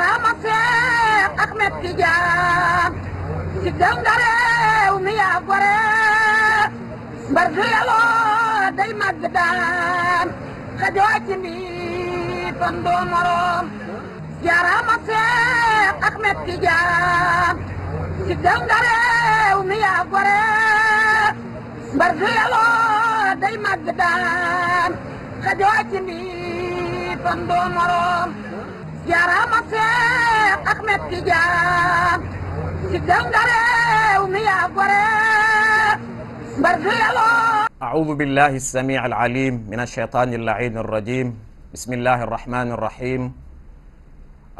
karama Seex Ahmed Tijaan ci dal nga réew mi yaa gore mbar du yaloo day màgg daan xajoo ci mbii ton doo moroom jaarama Seex Ahmed Tijaan ci dal nga réew mi yaa gore mbar du yaloo day màgg daan xajoo ci mbii ton doo moroom jaaraama Seex Ahmed Tijaan ci dem nga réew mi yaa gore mbar du yaloo أعوذ بالله السميع العليم من الشيطان اللعين الرجيم بسم الله الرحمن الرحيم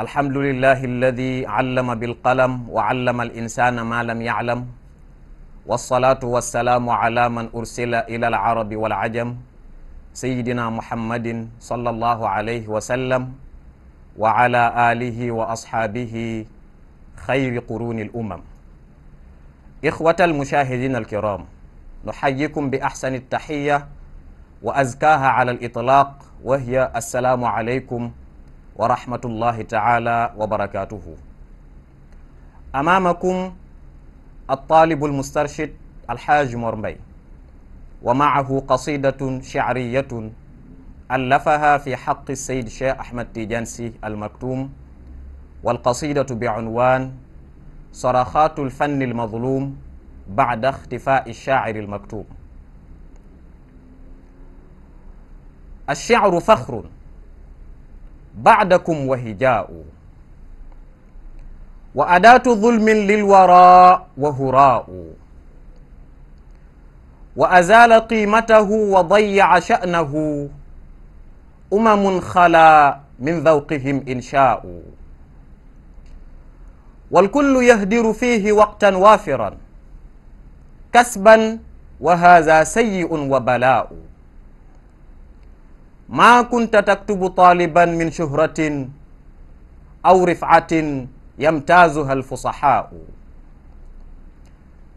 الحمد لله الذي علم بالقلم وعلم الإنسان ما لم يعلم والصلاة والسلام على من أرسل إلى العرب والعجم سيدنا محمد صلى الله عليه وسلم wa ala alihi wa ashaabihi xayri quruni al umam ixwata almushahidina alkiram nuxayikum bi axsani altaxiya wa azkaha ala alitlaq wa hiya assalaamu alaykum wa rahmatullahi taala wa barakatuhu amaamakum altalibu almustarshid alxaaj Mor Mbay wa maahu qasidatun shicriyatun ألفها في حق السيد شيخ أحمد تيجانسي المكتوم والقصيدة بعنوان صرخات الفن المظلوم بعد اختفاء الشاعر المكتوم الشعر فخر بعدكم وهجاء وأداة ظلم للوراء وهراء وأزال قيمته وضيع شأنه umamun xalaa min zawqihim in shaa'u walkullu yahdiru fiihi waqtan waafiran kasban wa haza sayyi'un wa balaa'u maa kunta taktubu taaliban min shuhratin aw rifcatin yamtaazuha alfusaxaa'u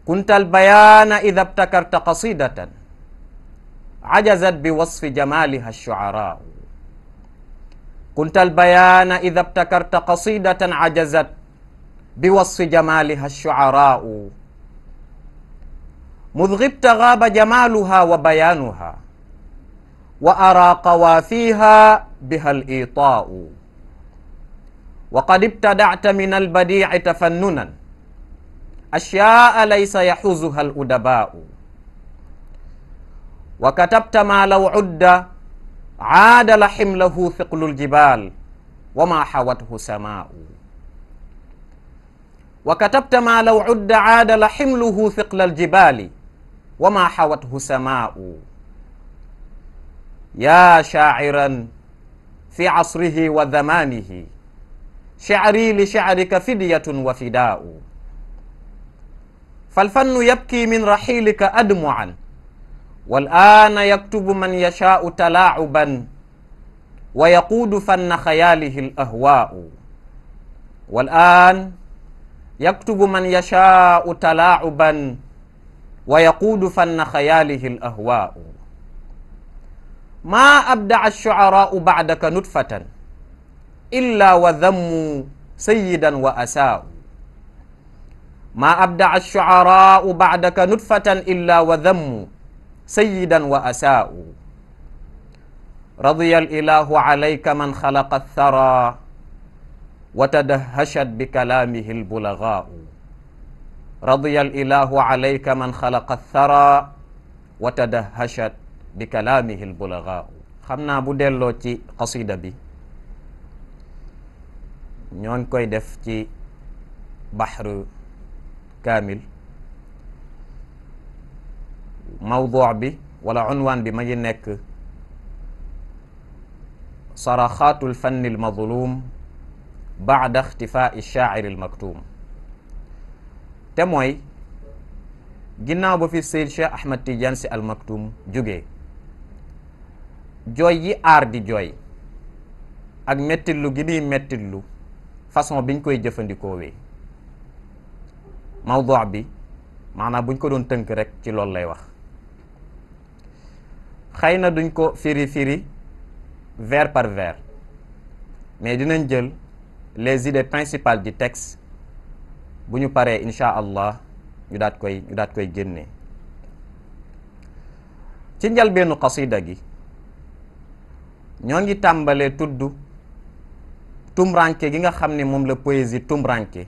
kunta albayaana ida ibtakarta qasidatan cajazat bi wasfi jamaaliha alshucaraa'u kuntal bayaana ida btakarta qasidatan ajazat bi wasfi jamaliha shuaraau mudghibta ghaba jamaluha wa bayanuha wa araqa wafiha biha al-itaau wa qad ibtada'ta min al-badi'i tafannunan ashya'a laysa yahuzuha al-udaba'u wa katabta ma law udda aadala ximlahu fiqlul jibaal wa maa xawathu samaau wa katabta maa law cudda aadala ximluhu fiqlal jibaali wa maa xawathu samaau yaa shaaciran fi casrihi wa zamaanihi shacrii li shacrika fidyatun wa fidaau falfannu yabkii min raxiilika admucan wal aana yaktubu man yashaau talaacuban wa yaquudu fanna xayaalihi l ahwaau wal aan yaktubu man yashaau talaacuban wa yaquudu fanna xayaalihi l ahwaau maa abdaca alshucaraau bacdaka nutfatan illa wa dammuu sayidan wa asaau maa abdaca alshucaraau bacdaka nutfatan illa wa dammuu sayyidan wa asaa'u radiya al-ilaahu alayka man xalaqa ath-tharaa wa tadahhashat bi kalaamihi al-bulagaa'u radiya al-ilaahu alayka man xalaqa ath-tharaa wa tadahhashat bi kalaamihi al-bulagaa'u xam naa bu delloo ci qasida bi ñoo ngi koy def ci baxru kaamil mawduu bi wala unwaan bi ma ngi nekk saraxaatu lfanni almadlum baada ixtifaai shaaciri almaktum te mooy ginnaaw ba fi Seyd Cheikh Ahmad Tidiane si almaktum jóge jooy yi aar di jooy ak mettitlu gi muy mettitlu façon biñ koy jëfandikoowee mawduu bi maanaam buñ ko doon tënk rek ci loolu lay wax xëy na duñ ko firi firi vers par vers mais dinañ jël les idées principales di texte bu ñu paree incha allah ñu daat koy ñu daat koy génnee ci njalbeenu qasida gi ñoo ngi tàmbalee tudd tumranke gi nga xam ne moom la poésie tumranke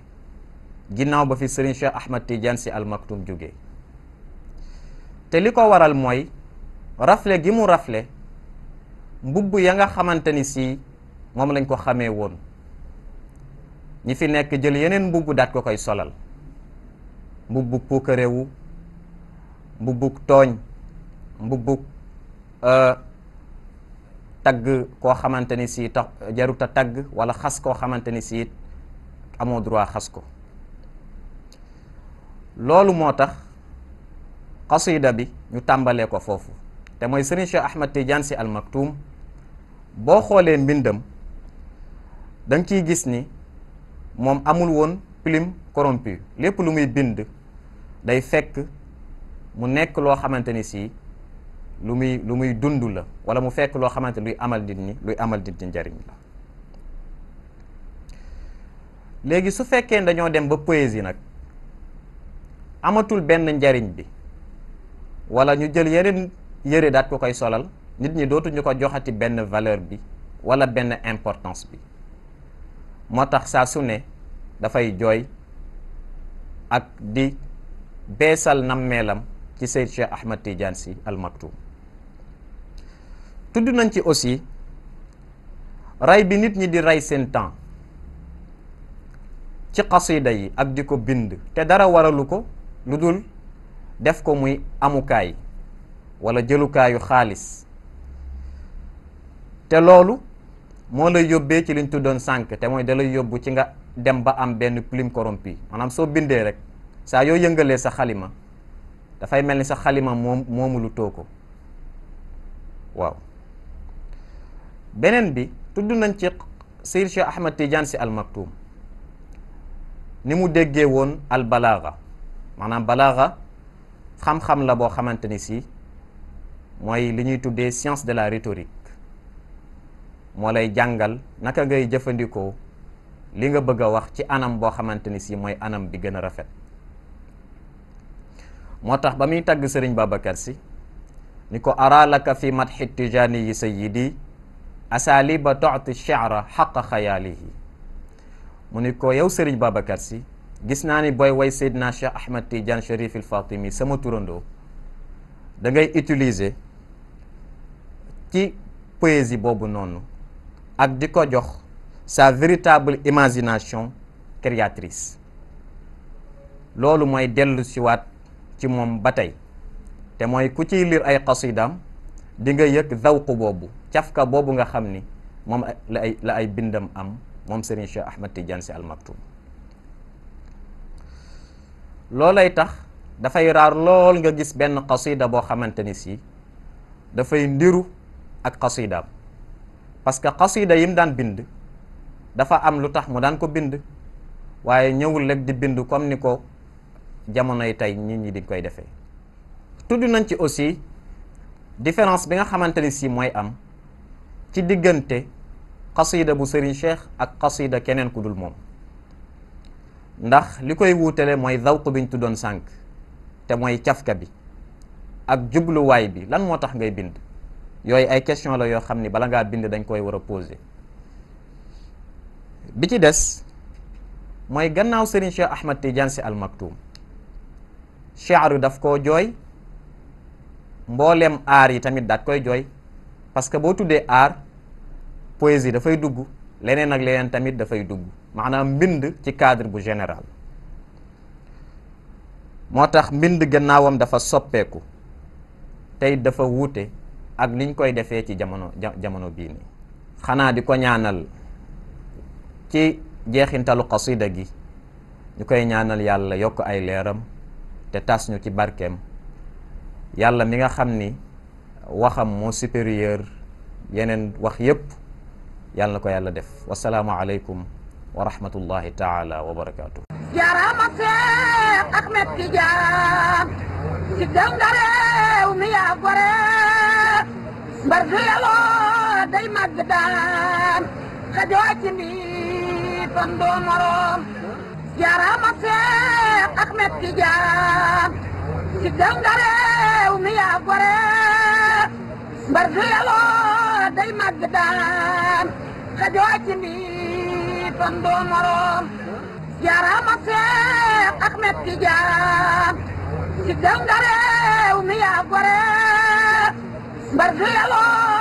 ginnaaw ba fi Serigne Cheikh Ahmad Tidiane si al maktum jóge te li ko waral mooy rafle gi mu rafle mbubb ya nga xamante ni si moom lañ ko xamee woon ñi fi nekk jël yeneen mbubb daat ko koy solal mbubbug puukarewu mbubbu tooñ mbubbug euh, tagg koo xamante ni si tax a tagg wala xas koo xamante ni si amoo droit xas ko loolu moo tax xasida bi ñu tàmbalee ko foofu te mooy Serigne Cheikh Ahmad Tidiane si al boo xoolee mbindam da ciy gis ni moom amul woon plume corrompue lépp lu muy bind day fekk mu nekk loo xamante ni sii lu muy lu muy dund la wala mu fekk loo xamante luy amal nit ñi luy amal nit ñi njariñ la léegi su fekkee dañoo dem ba poésie nag amatul benn njariñ bi wala ñu jël yeneen yére daat ko koy solal nit ñi dootuñu ko joxati benn valeur bi wala benn importance bi moo tax saa su ne dafay jooy ak di beesal nammeelam ci Seyd Cheikh Ahmad Tidiane Sy tudd nañ ci aussi rey bi nit ñi di rey seen temps ci xasida yi ak di ko bind te dara waralu ko lu dul def ko muy amukaay wala jëlukaayu xaalis te loolu moo lay yóbbee ci liñ tuddoon sànq te mooy da yóbbu ci nga dem ba am benn plume corrompue maanaam soo bindee rek saa yoo yëngalee sa xalima dafay mel ni sa xalima moom moomu lu too ko waaw beneen bi tudd nañ ci Seydi Cheikh Ahmad Tidiane Sy Al ni mu déggee woon al maanaam balaaxa xam-xam la boo xamante ni si mooy li ñuy tuddee science de la rhétorique moo lay jàngal naka ngay jëfandikoo li nga bëgg a wax ci anam boo xamante ni si mooy anam bi gën a rafet moo tax ba muy tagg sëriñ Babacar si ni ko araalaka fi madxi tijaani yi sayyidi asaliba toxti chaara xaqa xayaalihi mu ni ko yow sëriñ Babacar si gis naa ni booy way Seydina Cheikh Ahmad Tidiane Chérif il sama turandoo dangay ngay ci poésie boobu noonu ak di ko jox sa véritable imagination créatrice loolu mooy dellu siwaat ci moom ba tey te mooy ku ciy liir ay xasidaam di nga yëg zawqu boobu cafka boobu nga xam ni moom la ay la bindam am moom Serigne Cheikh Ahmad Tidiane Sy Al Maktoum loolay tax dafay raar lool nga gis benn xasida boo xamante ni si dafay ndiru ak xasiidaam parce que xasiida yim daan bind dafa am lu tax mu daan ko bind waaye ñëwul rek di bind comme ni ko jamonoy tey nit ñi di koy defee tudd nañ ci aussi différence bi nga xamante ni si mooy am ci diggante xasiida bu sëriñ Cheikh ak xasiida keneen ku dul moom ndax li koy wuutale mooy zawq biñ tuddoon sànk te mooy cafka bi ak jubluwaay bi lan moo tax ngay bind yooyu ay question la yoo xam ni bala ngaa bind dañ koy war a bi ci des mooy gannaaw Serigne Cheikh Ahmad Tidiane Sy Al Maktoum daf koo jooy mboolem aar yi tamit daat koy jooy parce que boo tuddee aar poésie dafay dugg leneen ak leneen tamit dafay dugg maanaam mbind ci cadre bu général moo tax mbind gannaawam dafa soppeeku tey dafa wuute ak liñ koy defee ci jamono jamono bii xanaa di ko ñaanal ci jeexintalu xasida gi ñu koy ñaanal yàlla yokk ay leeram te tas ñu ci barkem yàlla mi nga xam ni waxam moo supérieur yeneen wax yépp yàlla ko yàlla def wasalaamu aleykum wa rahmatullahi taala wa barakaatu jaaraama Seex Ahmed Tijaan ci dal mi yaa gore mbar du yeloo day màgg daan xajoo nii ton doo moroom jaaraama Seex Ahmed Tijaan ci dal nga réew mbar du yeloo day màgg daan xajoo nii ton doo moroom jaaraama Seex Ahmed Tijaan ci dal nga réew mbar du yaloo